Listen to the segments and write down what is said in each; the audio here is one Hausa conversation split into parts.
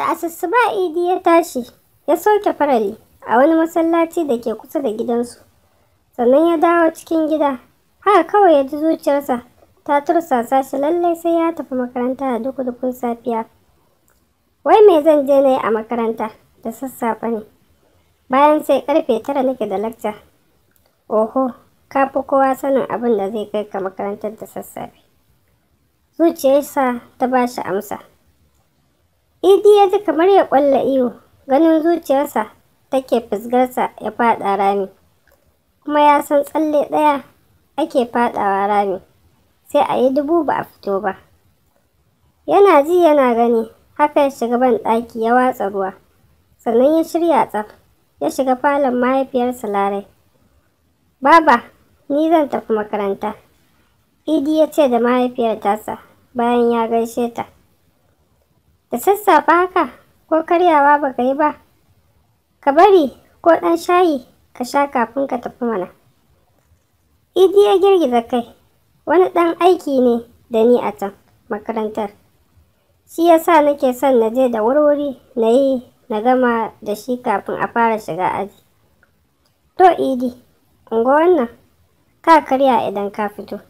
da ba idi ya tashi ya soke farali a wani masallaci da ke kusa da gidansu sannan ya dawo cikin gida haka kawai ya ji zuciyarsa ta tursasa shi lallai sai ya tafi makaranta da dukudukun safiya wai me zan je na yi a makaranta da sassafe ne bayan sai karfe tara nake da lakca oho ka fi kowa sanin abin da zai kai ka makarantar da sassafe zuciyarsa ta ba shi amsa idi ya ji kamar ya ƙwalla iyo ganin zuciyarsa take fusgarsa ya faɗa rami kuma ya san tsalle ɗaya ake faɗawa rami sai a yi dubu ba a fito ba yana ji yana gani haka ya shiga ban ɗaki ya watsa ruwa sannan ya shirya tsaf ya shiga falon mahaifiyarsa larai baba ni zan tafi makaranta idi ya ce da mahaifiyar tasa bayan ya gaishe ta da sassafa haka ko karyawa ba ka yi ba ka bari ko ɗan shayi ka sha kafin ka tafi mana idi ya girgiza kai wani ɗan aiki ne da ni a can makarantar shi yasa nake son na je da wurwuri na yi na gama da shi kafin a fara shiga aji to idi ungo wannan ka karya idan ka fito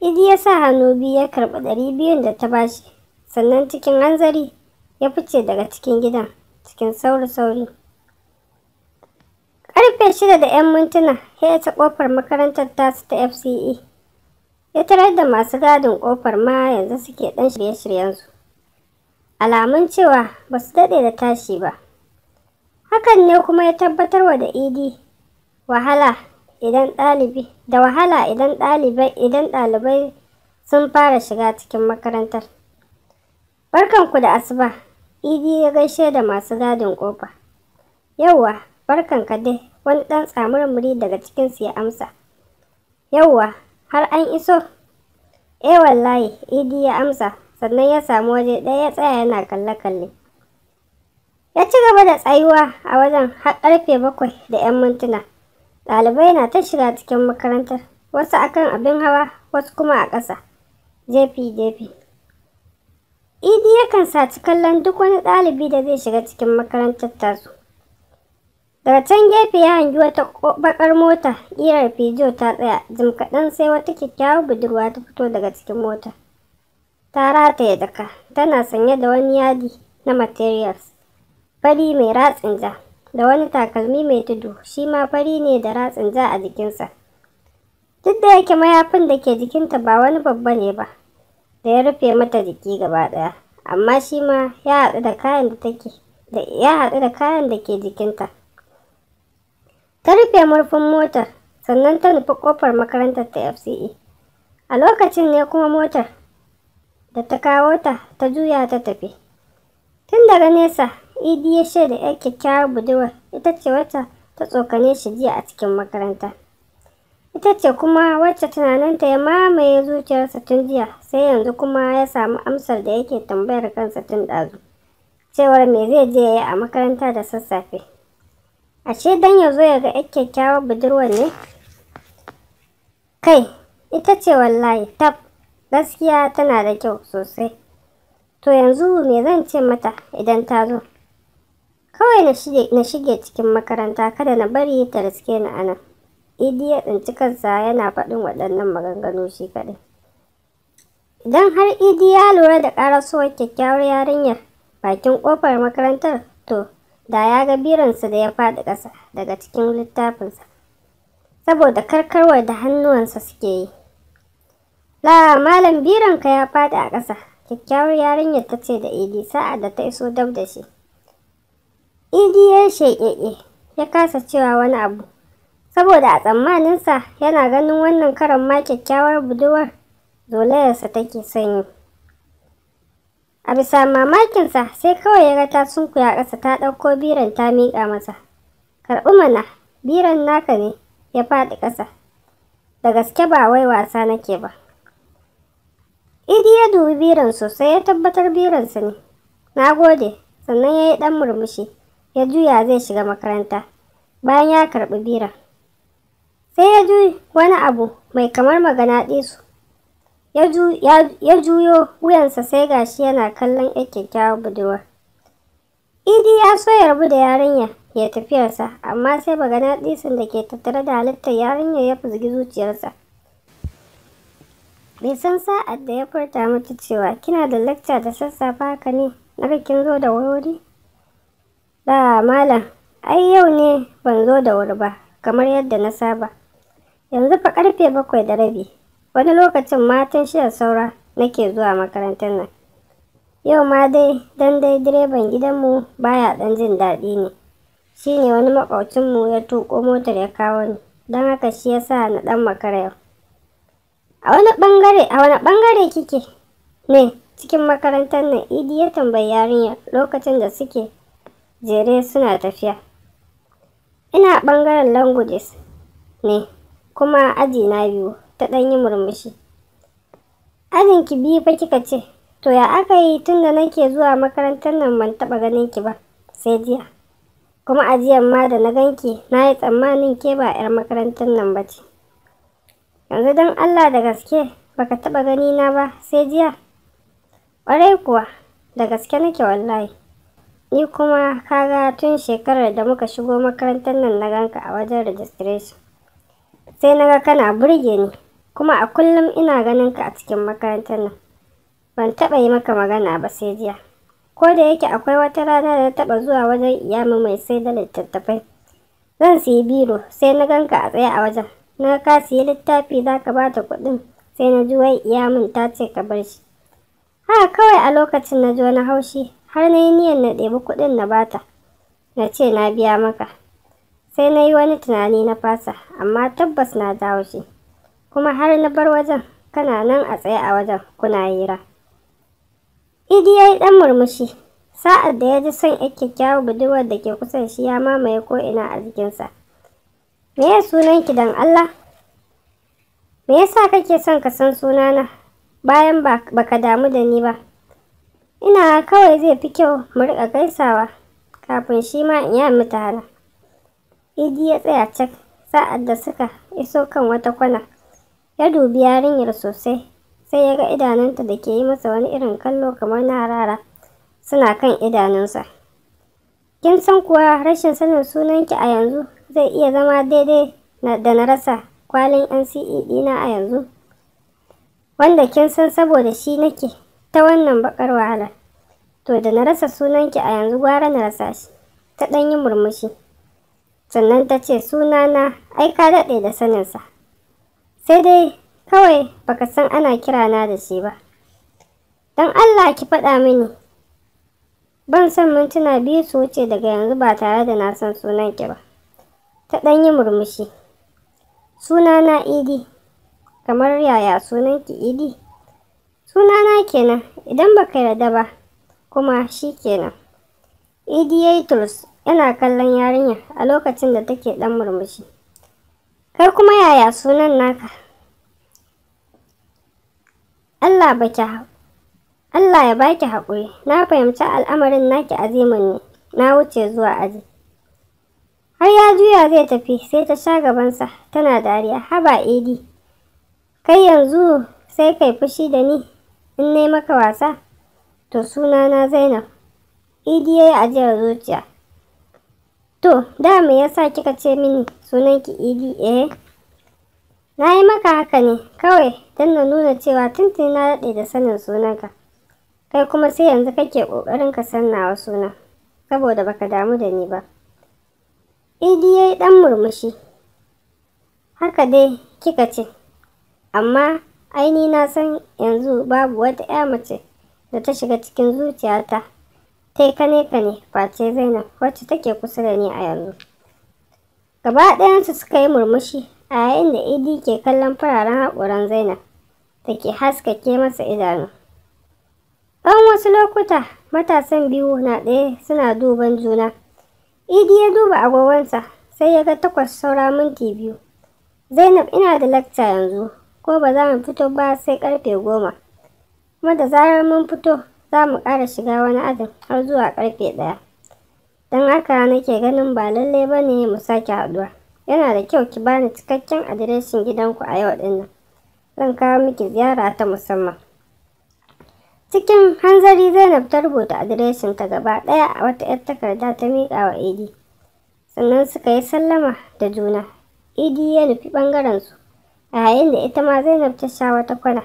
idi ya sa hannu biyu ya karɓi ɗari biyun da ta bashi sannan cikin hanzari ya fice daga cikin gidan cikin sauri-sauri. Karfe shida da ‘yan mintuna ya ta ƙofar makarantar tasu ta FCE. Ya tarar da masu gadin ƙofar ma yanzu suke ɗan shirye-shiryensu. Alamun cewa ba su daɗe da tashi ba. Hakan ne kuma ya tabbatar wa da idi wahala idan ɗalibi da wahala idan ɗalibai sun fara shiga cikin makarantar. Barkanku da asuba, Idi ya gaishe da masu gadin ƙofa. Yawwa, barkanka dai, wani ɗan tsamurmuri daga cikinsu ya amsa. Yawwa, har an iso? Eh wallahi, Idi ya amsa, sannan ya samu waje ɗaya ya tsaya yana kalle-kalle. Ya ci gaba da tsayuwa a wajen har ƙarfe bakwai da 'yan mintuna. Ɗalibai na ta shiga cikin makarantar, wasu akan abin hawa, wasu kuma a ƙasa, jefi-jefi. Jibi yakan saci kallon duk wani ɗalibi da zai shiga cikin makarantar tasu. Daga can gefe ya hangi wata bakar mota, ƙirar Fijo ta tsaya, jim kaɗan sai wata kyakkyawar budurwa ta fito daga cikin mota. Ta rataye daka, tana sanye da wani yadi na materials, fari mai ratsin ja, da wani takalmi mai tudu, shi ma fari ne da ratsin ja a jikinsa. Duk da yake mayafin da ke jikinta ba wani babba ne ba, da ya rufe mata jiki gaba ɗaya. amma shi ma ya haɗu da kayan da take ya haɗu da kayan da ke jikinta ta rufe murfin motar sannan ta nufi ƙofar makarantar ta fce a lokacin ne kuma motar da ta kawo ta ta juya ta tafi tun daga nesa idi ya shaida 'yar kyakkyawar budurwar ita ce wata ta tsokane shi jiya a cikin makaranta ita ce kuma wacce tunaninta ya mamaye zuciyarsa tun jiya sai yanzu kuma ya samu amsar da yake tambayar kansa tun ɗazu cewar me zai je ya yi a makaranta da sassafe ashe dan ya zo ya ga yar kyakkyawar budurwar ne kai ita ce wallahi tab gaskiya tana da kyau sosai to yanzu me zan ce mata idan ta zo kawai na shige cikin makaranta kada na bari ta riske ni anan idi ya tsinci kansa yana faɗin waɗannan maganganu shi kaɗai idan har idi ya lura da ƙarasowar kyakkyawar yarinyar bakin ƙofar makarantar to da ya ga biransa da ya faɗi ƙasa daga cikin littafinsa saboda karkarwar da hannuwansa suke yi la malam biranka ya faɗi a ƙasa kyakkyawar yarinyar ta ce da idi sa'a da ta iso dab da shi idi ya sheƙeƙe ya kasa cewa wani abu saboda a tsammaninsa yana ganin wannan karan ma kyakkyawar budurwar zolayarsa take sanyi. A bisa mamakinsa sai kawai ya ga ta sunkuya kasa ta ɗauko biran ta miƙa masa. Karɓi mana, biran naka ne, ya faɗi ƙasa. Da gaske ba wai wasa nake ba. Idi ya dubi biran sosai ya tabbatar biransa ne. Na gode, sannan ya yi ɗan murmushi, ya juya zai shiga makaranta. Bayan ya karɓi biran. sai ya ji wani abu mai kamar magana ɗesu ya juyo wuyansa sai ga shi yana kallon ya kyakkyawar budurwar idi ya so ya rabu da yarinya ya tafiyarsa amma sai magana ɗesun da ke tattare da halittar yarinya ya fuzgi zuciyarsa bai san sa'ad da ya furta mata cewa kina da lacca da sassafa haka ne na kin zo da wuri ba malam ai yau ne ban zo da wuri ba kamar yadda na saba yanzu fa karfe bakwai da rabi wani lokacin matan shiyar saura nake zuwa makarantar nan yau ma dai don dai direban gidanmu baya dan jin daɗi ne shine wani makwabcinmu ya tuko motar ya kawo ni don haka shi ya sa na dan makara yau a wani bangare a wani bangare kike ne cikin makarantar nan idi ya tambayi yarinya lokacin da suke jere suna tafiya ina bangaren languages ne kuma aji na biyu ta ɗan yi murmushi. Ajin ki biyu fa kika ce, to ya aka yi tun da nake zuwa makarantar nan ban taɓa ganin ki ba, sai jiya. Kuma ajiyar ma da na ganki na yi tsammanin ke ba 'yar makarantar nan ba ce. Yanzu don Allah da gaske baka taɓa gani na ba sai jiya. Ƙwarai kuwa, da gaske nake wallahi. Ni kuma kaga tun shekarar da muka shigo makarantar nan na ganka a wajen registration. sai na ga kana burge ni kuma a kullum ina ganin ka a cikin makarantar nan ban taɓa yi maka magana ba sai jiya ko da yake akwai wata rana da taɓa zuwa wajen iyamu mai sai da littattafai zan siyi biro sai na ganka a tsaye a wajen na ka siyi littafi za ka bata kuɗin sai na ji wai iyamin ta ce ka bar shi haka kawai a lokacin na ji wani haushi har na yi niyyar na ɗebi kuɗin na bata na ce na biya maka sai na yi wani tunani na fasa amma tabbas na dawo shi kuma har na bar wajen kana nan a tsaye a wajen kuna hira idi ya yi ɗan murmushi sa'ad da ya ji son ya kyakkyawar budurwar da ke kusa shi ya mamaye ko'ina a jikinsa me ya sunan ki dan allah me yasa kake son ka san sunana bayan ba ka damu da ni ba ina kawai zai fi kyau mu riƙa gaisawa kafin shi ma in yi mutane Idi ya tsaya cak sa'ad da suka iso kan wata kwana. Ya dubi yarinyar sosai, sai ya ga idanunta da ke yi masa wani irin kallo kamar na rara suna kan idanunsa. Kin san kuwa rashin sanin sunanki a yanzu zai iya zama daidai da na rasa kwalin NCE ɗina a yanzu. Wanda kin san saboda shi nake ta wannan bakar wahala To da na rasa sunanki a yanzu gwara na rasa shi. Ta ɗan yi murmushi. sannan ta ce sunana ai ka daɗe da saninsa sai dai kawai baka san ana kirana da shi ba don allah ki faɗa mini ban san mintuna biyu su wuce daga yanzu ba tare da na san sunan ki ba ta ɗan yi murmushi sunana idi kamar yaya sunanki idi sunana kenan idan baka yarda ba kuma shi kenan idi ya yi yana kallon yarinyar a lokacin da take ɗan murmushi. Kai kuma yaya sunan naka? Allah baki Allah ya baki haƙuri, na fahimci al'amarin naki azimin ne, na wuce zuwa aji. Har ya juya zai tafi sai ta sha gabansa tana dariya, haba idi. Kai yanzu sai kai fushi da ni, in nai maka wasa, to sunana Zainab. Idi ya yi ajiyar zuciya. To, da me yasa kika ce mini sunanki Idi eh? Na yi maka haka ne, kawai don na nuna cewa tuntuni na daɗe da sanin sunanka. Kai kuma sai yanzu kake ƙoƙarin ka san nawa sunan, saboda baka damu da ni ba. Idi ya yi ɗan murmushi. Haka dai kika ce, amma aini na san yanzu babu wata 'ya mace da ta shiga cikin zuciyarta Tai yi kane kane face zainab wacce take kusa da ni a yanzu gaba ɗayansu suka yi murmushi a yayin da idi ke kallon fararen haƙoran zainab da ke haskake masa idanu ɗan wasu lokuta matasan biyu na ɗaya suna duban juna idi ya duba agogonsa sai ya ga takwas saura minti biyu zainab ina da lakta yanzu ko ba za mu fito ba sai karfe goma kuma da zarar mun fito za mu ƙara shiga wani ajin har zuwa karfe ɗaya. Don haka nake ganin ba lallai ba ne mu sake haɗuwa. Yana da kyau ki bani cikakken adireshin gidanku a yau ɗin nan. Zan kawo miki ziyara ta musamman. Cikin hanzari Zainab ta rubuta adireshin ta gaba ɗaya a wata 'yar takarda ta miƙa wa Idi. Sannan suka yi sallama da juna. Idi ya nufi ɓangaren su. A yayin da ita ma Zainab ta sha wata kwana.